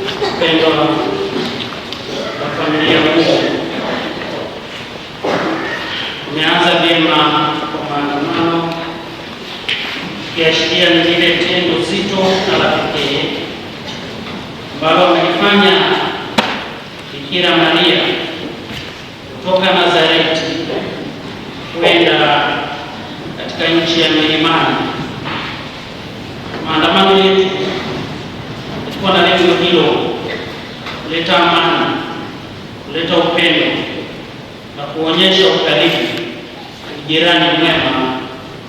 upendo wa familia Mungu. Umeanza vyema kwa maandamano, ukiashiria ni lile tendo zito na la pekee ambalo amelifanya Bikira Maria kutoka Nazareti kwenda katika nchi ya milimani. Maandamano yetu kuwa na lengo hilo, kuleta amani, kuleta upendo na kuonyesha ukarimu, ujirani mwema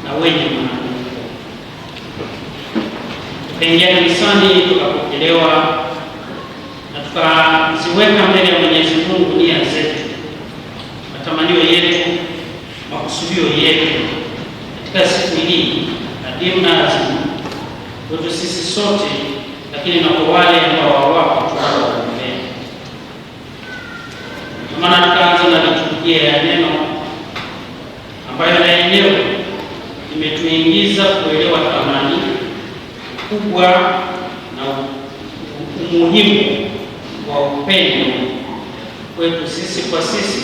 na wenye maana. Tukaingia kanisani, tukapokelewa na tukaziweka mbele ya Mwenyezi Mungu nia zetu, matamanio yetu, makusudio yetu katika siku hii adimu na lazima kwetu sisi sote lakini na kwa wale ambao hawako chungu wanamea. Maana tukaanza na kuchukia ya neno ambayo na yenyewe imetuingiza kuelewa thamani kubwa na umuhimu wa upendo kwetu sisi kwa sisi,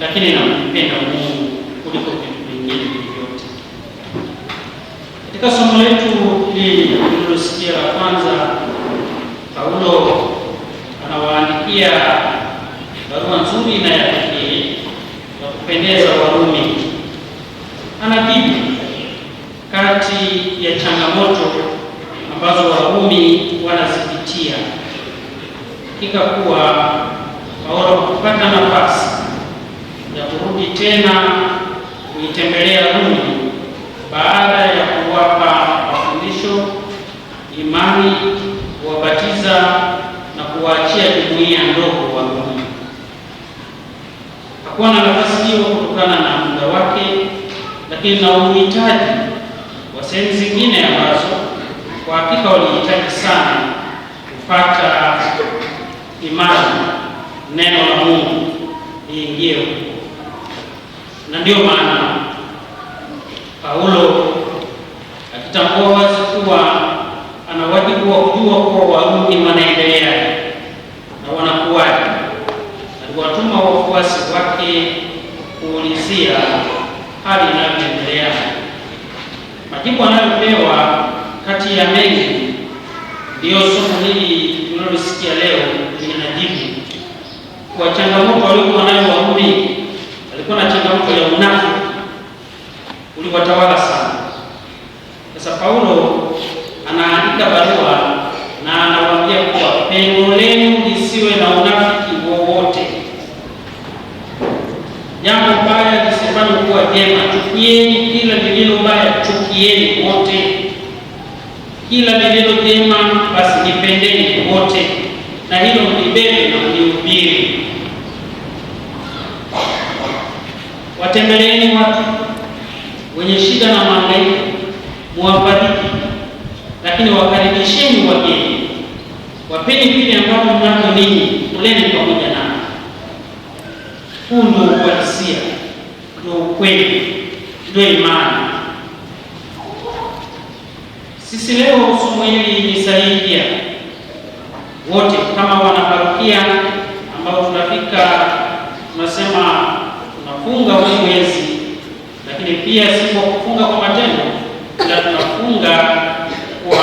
lakini na kumpenda Mungu kuliko vitu vingine vyote. Katika somo letu hili tulilosikia la kwanza Paulo anawaandikia barua nzuri na ya kupendeza Warumi. Anajibu kati ya changamoto ambazo Warumi wanazipitia, hakika kuwa Paulo kupata nafasi ya kurudi tena kuitembelea Rumi baada ya kuwapa mafundisho imani kuwabatiza na kuwaachia jumuiya ndogo wa waumini. Hakuwa na nafasi hiyo kutokana na muda wake, lakini na uhitaji wa sehemu zingine ambazo kwa hakika walihitaji sana kupata imani, neno la Mungu liingie na ndiyo maana Paulo akitambua kuulizia hali inayoendelea. Majibu anayopewa kati ya mengi ndiyo somo hili tunalosikia leo linajibu kwa changamoto waliokuwa nayo Warumi. Walikuwa na changamoto ya unafiki uliwatawala sana. Sasa Paulo anaandika barua na anawaambia kuwa pengo lenu lisiwe na mfano kuwa jema. Chukieni kila lililo baya, chukieni wote. Kila lililo jema basi nipendeni wote, na hilo mlibebe na mlihubiri. Watembeleeni watu wenye shida na mahangaiko, muwafariji, lakini wakaribisheni wageni, wapeni vile ambavyo mnavyo ninyi, kuleni pamoja nao. Huu ndio ndio imani. Sisi leo somo hili limesaidia wote kama wanaparokia ambao tunafika, tunasema tunafunga huu mwezi, lakini pia si kwa kufunga kwa matendo, ila tunafunga kwa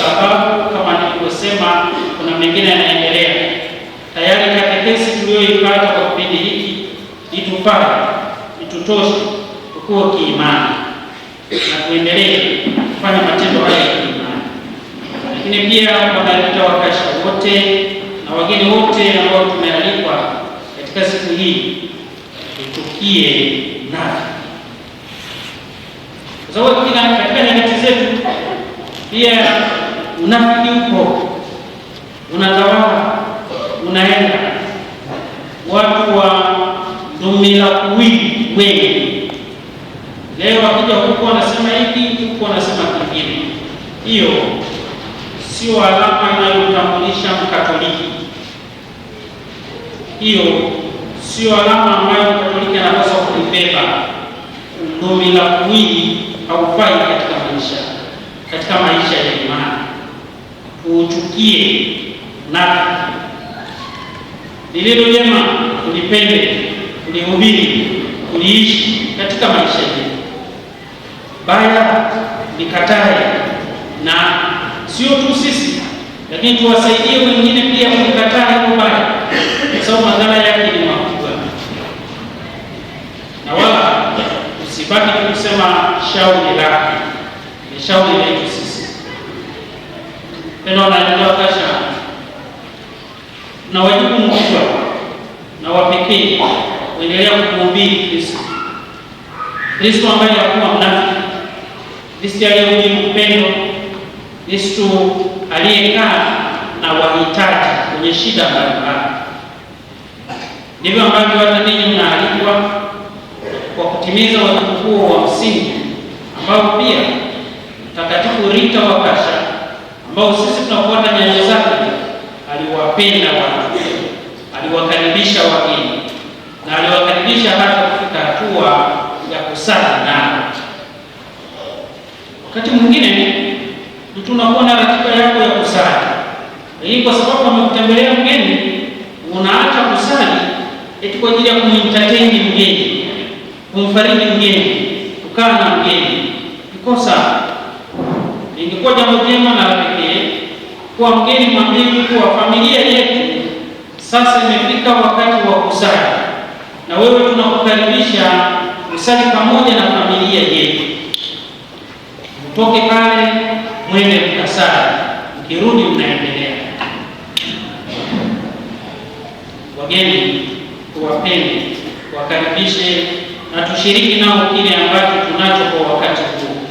sababu kama nilivyosema, kuna mengine yanaendelea tayari. Katekesi tuliyoipata kwa kipindi hiki itupaa, itutoshe kuwa kiimani na kuendelea kufanya matendo haya ya kiimani, lakini pia wanaita wakasha wote na wageni wote ambao tumealikwa katika siku hii, tukie nafi kwa sababu kila katika nyakati zetu pia unafiki uko unatawala, unaenda watu wa dhumila kuwili wengi Leo wakija huku wanasema hiki, huku wanasema kingine. Hiyo sio alama inayotambulisha Mkatoliki, hiyo sio alama ambayo Mkatoliki anapaswa kuibeba. la mwili haufai katika maisha, katika maisha ya imani tuuchukie, na lililo jema tulipende, tulihubiri, tuliishi katika maisha yetu baya nikatae, na sio tu sisi, lakini tuwasaidie wengine pia kukataa hilo baya, kwa sababu madhara yake ni makubwa, na wala usibaki kusema shauri lake, ni shauri letu sisi penanaakasha na wajibu mkubwa na wapekee kuendelea kuhubiri Kristo Kristo ambaye Kristo aliyehubiri upendo, Kristo aliyekaa na wahitaji kwenye shida mbalimbali. Ndivyo ambavyo hata ninyi mnaalikwa kwa kutimiza wajibu huo wa msingi ambao pia Mtakatifu Rita wa Kasha ambao sisi tunafuata nyayo zake, aliwapenda watu, aliwakaribisha wageni na aliwakaribisha hata kufika hatua ya kusali na Wakati mwingine mtu unakuwa na ratiba yako ya kusali, lakini kwa sababu amekutembelea mgeni, unaacha kusali eti kwa ajili ya kumentateni mgeni, kumfariji mgeni, kukaa na mgeni. Kosa ingekuwa jambo jema na pekee kwa mgeni mwambivu kuwa familia yetu sasa imefika wakati wa kusali, na wewe tunakukaribisha usali pamoja na familia yetu mtoke pale mwende mtasali, mkirudi mnaendelea. Wageni tuwapende, wakaribishe na tushiriki nao kile ambacho tunacho kwa wakati huu.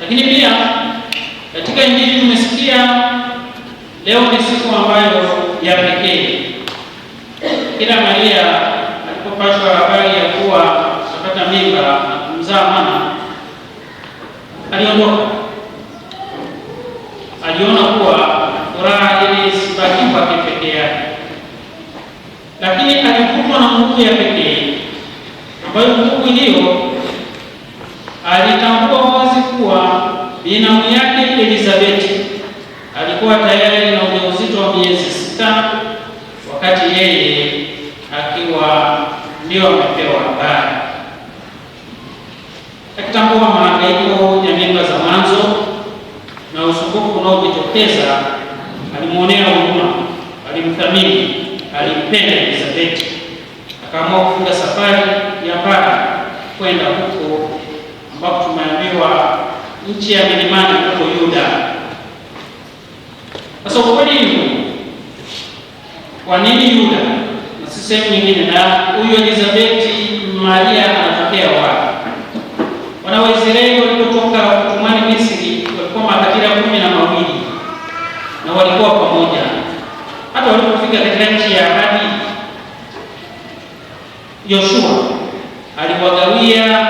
Lakini pia katika Injili tumesikia leo ni siku ambayo ya pekee. Kila Maria alipopashwa habari ya kuwa atapata mimba na kumzaa mwana aliondoka. Aliona kuwa furaha ile sibaki kwake peke yake, lakini alikutwa na nguvu ya pekee ambayo nguvu hiyo alitambua wazi kuwa binamu yake Elizabeti alikuwa tayari na ujauzito wa miezi sita wakati yeye akiwa ndio amepewa habari akitambua pesa, alimwonea huruma, alimthamini, alimpenda Elizabeti, akaamua kufunga safari ya mbali kwenda huko ambapo tumeambiwa nchi ya milimani huko Yuda. Sasa ukweli hivyo, kwa nini Yuda na si sehemu nyingine? Na huyu Elizabeti Maria anatokea wapi? wanawezere hata walipofika katika nchi ya ahadi, Yoshua aliwagawia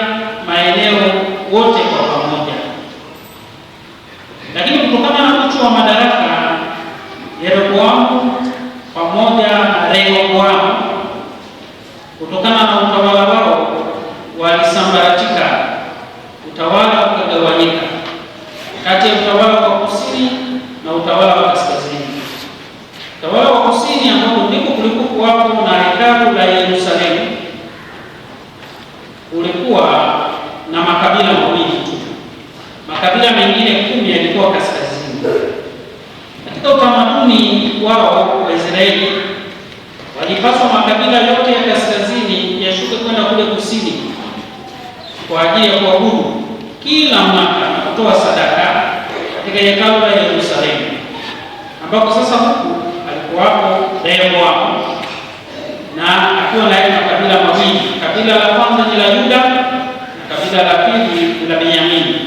hiyo nayo makabila mawili, kabila la kwanza ni la Yuda na kabila la pili ni la Benyamini.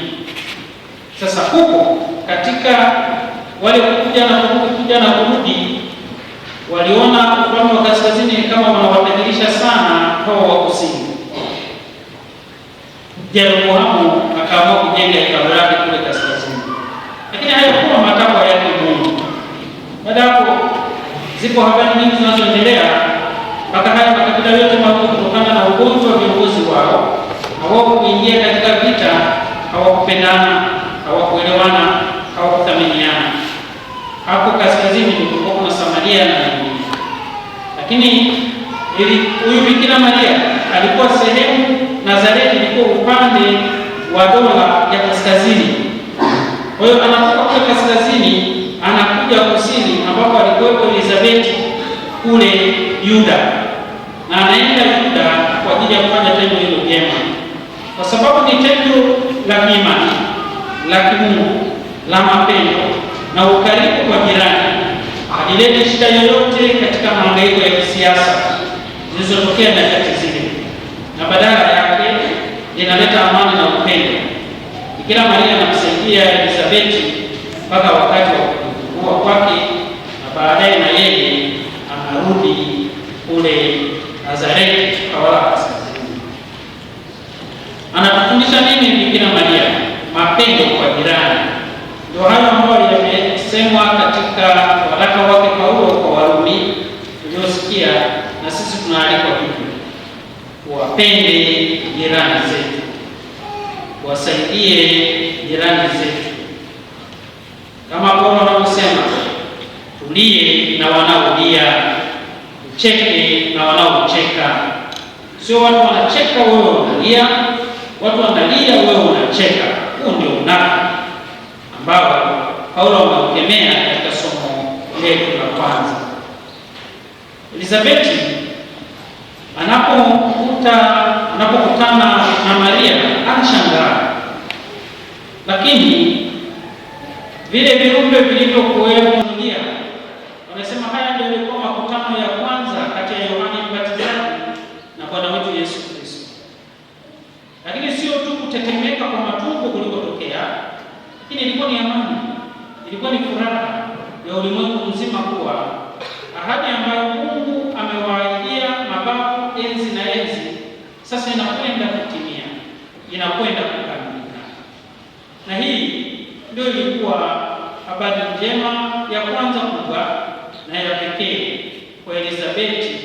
Sasa huko katika wale kuja na kurudi, kuja na kurudi, waliona upande wa kaskazini kama wanawabadilisha sana hao wa kusini. Jeroboamu akaamua kujenga hekalu lake kule kaskazini, lakini hayakuwa matakwa yake Mungu. Baada hapo, zipo habari nyingi zinazoendelea mpaka majida yote makuu kutokana na ugonjwa wa viongozi wao. Hawao kuingia katika vita, hawakupendana, hawakuelewana, hawakuthaminiana. Hapo kaskazini kulikuwa kuna Samaria na Uyahudi, lakini huyu Bikira Maria alikuwa sehemu, Nazareti ilikuwa upande wa dola ya kaskazini. Kwa hiyo anapotoka kaskazini anakuja kusini, ambapo alikuwepo Elizabeti kule Yuda na anaenda Yuda kwa ajili ya kufanya tendo hilo jema, kwa sababu ni tendo la kiimani la kimungu la mapendo na ukaribu kwa jirani, alilete shida yoyote katika mahangaiko ya kisiasa zilizotokea nyakati zile, na badala yake linaleta amani na upendo. Bikira Maria anamsaidia Elizabeti mpaka wakati wa kujifungua kwake, na baadaye na yeye anarudi kule Nazareti Kawala Kaskazini. Anatufundisha nini Bikira Maria? Mapendo kwa jirani, ndio hayo ambayo yamesemwa katika waraka wake Paulo kwa Warumi uliosikia, na sisi tunaalikwa hivyo, wapende jirani zetu, wasaidie jirani zetu, kama Paulo anavyosema, tulie na wanaolia, ucheke na wanaocheka. Sio watu wanacheka, wewe unalia, watu wanalia, wewe unacheka. Huu ndio unafiki ambao Paulo anaukemea katika somo letu la kwanza. Elizabeti anapokuta anapokutana na Maria anashangaa, lakini vile viumbe vilivyokuwepo ilikuwa ni amani, ilikuwa ni furaha ya ulimwengu mzima kuwa ahadi ambayo Mungu amewaahidia mababu enzi na enzi sasa inakwenda kutimia, inakwenda kukamilika. Na hii ndio ilikuwa habari njema ya kwanza kubwa na ya pekee kwa Elizabeti,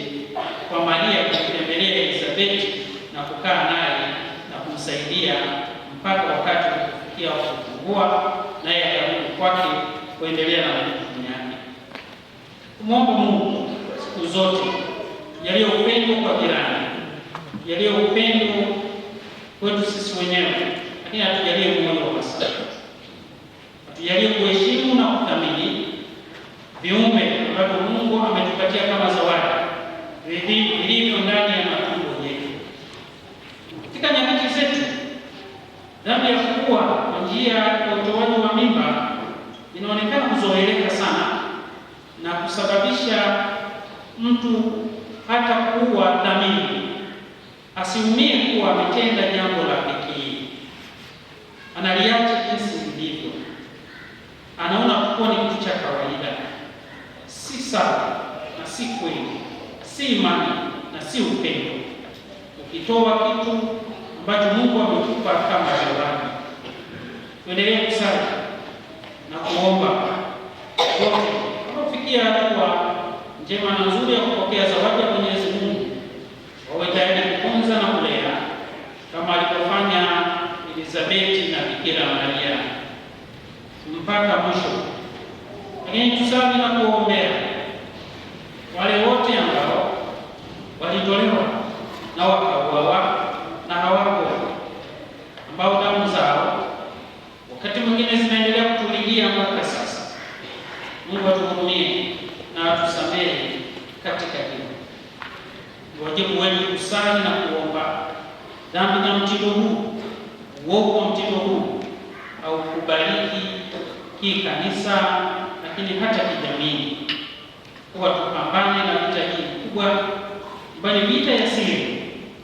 kwa Maria kutembelea Elizabeti na kukaa naye na kumsaidia mpaka wakati kia kufungua naye akarudi kwake kuendelea na majukumu yake. Kumwomba Mungu siku zote yaliyo upendo kwa jirani, yaliyo upendo kwetu sisi wenyewe, lakini hatujalie moyo wa hasira, hatujalie kuheshimu na kuthamini viumbe ambavyo Mungu ametupatia kama zawadi vilivyo ndani ya matumbo yetu. Katika nyakati zetu, dhambi ya kuwa kwa njia inaonekana kuzoeleka sana na kusababisha mtu hata kuwa dhamini asiumie kuwa ametenda jambo la pekee, analiacha jinsi lilivyo, anaona kuwa ni kitu cha kawaida. Si sawa na si kweli, si imani na si upendo. Ukitoa kitu ambacho Mungu amekupa kama zawadi, tuendelee kusali njema na nzuri ya kupokea zawadi ya Mwenyezi Mungu, wawe tayari kutunza na kulea kama alivyofanya Elizabeti na Bikira Maria mpaka mwisho. Lakini tusali na Mungu atuhurumie na atusamehe katika hilo. Ni wajibu wenu kusali na kuomba. Dhambi na mtindo huu, uovu wa mtindo huu haukubaliki kikanisa, lakini hata kijamii. Huwa tupambane na vita hii kubwa ambayo vita ya siri,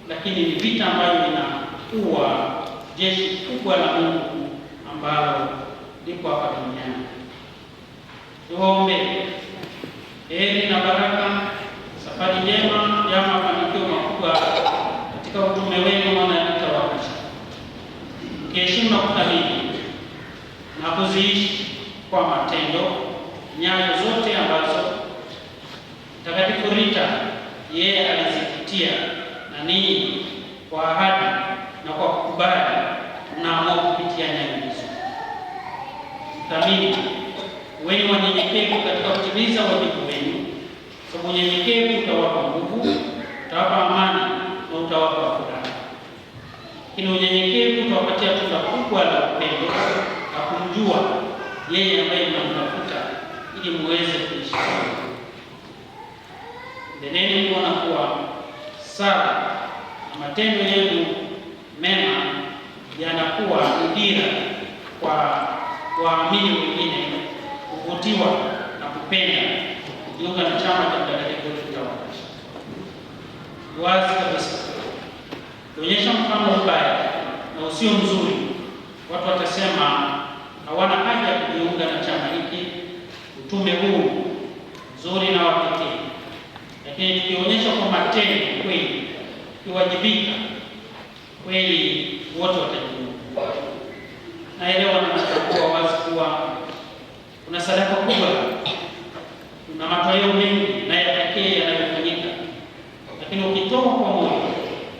lakini ni vita ambayo inakuwa jeshi kubwa la Mungu ambalo liko hapa duniani. Tuombe. Heri na baraka, safari njema, ya mafanikio makubwa katika utume wenu wanayatawakashi, mkiheshimu na kuthamini na kuziishi kwa matendo nyayo zote ambazo Mtakatifu Rita yeye alizipitia na ninyi kwa ahadi na kwa kukubali mnaamua kupitia nyayo hizo. Thamini wenye unyenyekevu katika kutimiza wajibu wenu, Kwa unyenyekevu utawapa nguvu, utawapa amani na utawapa furaha. Lakini unyenyekevu utawapatia tunda kubwa la upendo na kumjua yeye ambaye mnamtafuta, ili muweze kuishi. Endeleni kuona kuwa sala na matendo yenu mema yanakuwa udira kwa waamini wengine kuvutiwa na kupenda kujiunga na chama cha Mtakatifu Golfuta Wazi kabisa kuonyesha mfano mbaya na usio mzuri, watu watasema hawana haja ya kujiunga na chama hiki, utume huu mzuri na wapekee, Lakini tukionyesha kwa matendo kweli, tukiwajibika kweli, wote wata sadaka kubwa, tuna matoleo mengi na ya pekee yanayofanyika, lakini ukitoa kwa moyo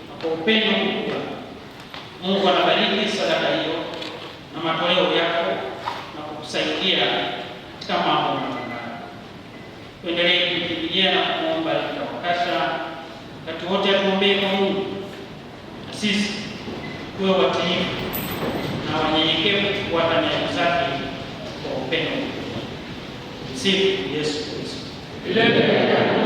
na kwa upendo mkubwa, Mungu anabariki sadaka hiyo na matoleo yako na kukusaidia katika mambo mbalimbali. Tuendelee kumkimbilia na kumwomba akawakasha wakati wote, atuombee kwa Mungu na sisi tuwe watiifu na wanyenyekevu kufuata nyayo zake kwa upendo. mkubwa. Sim, isso, isso. Ele é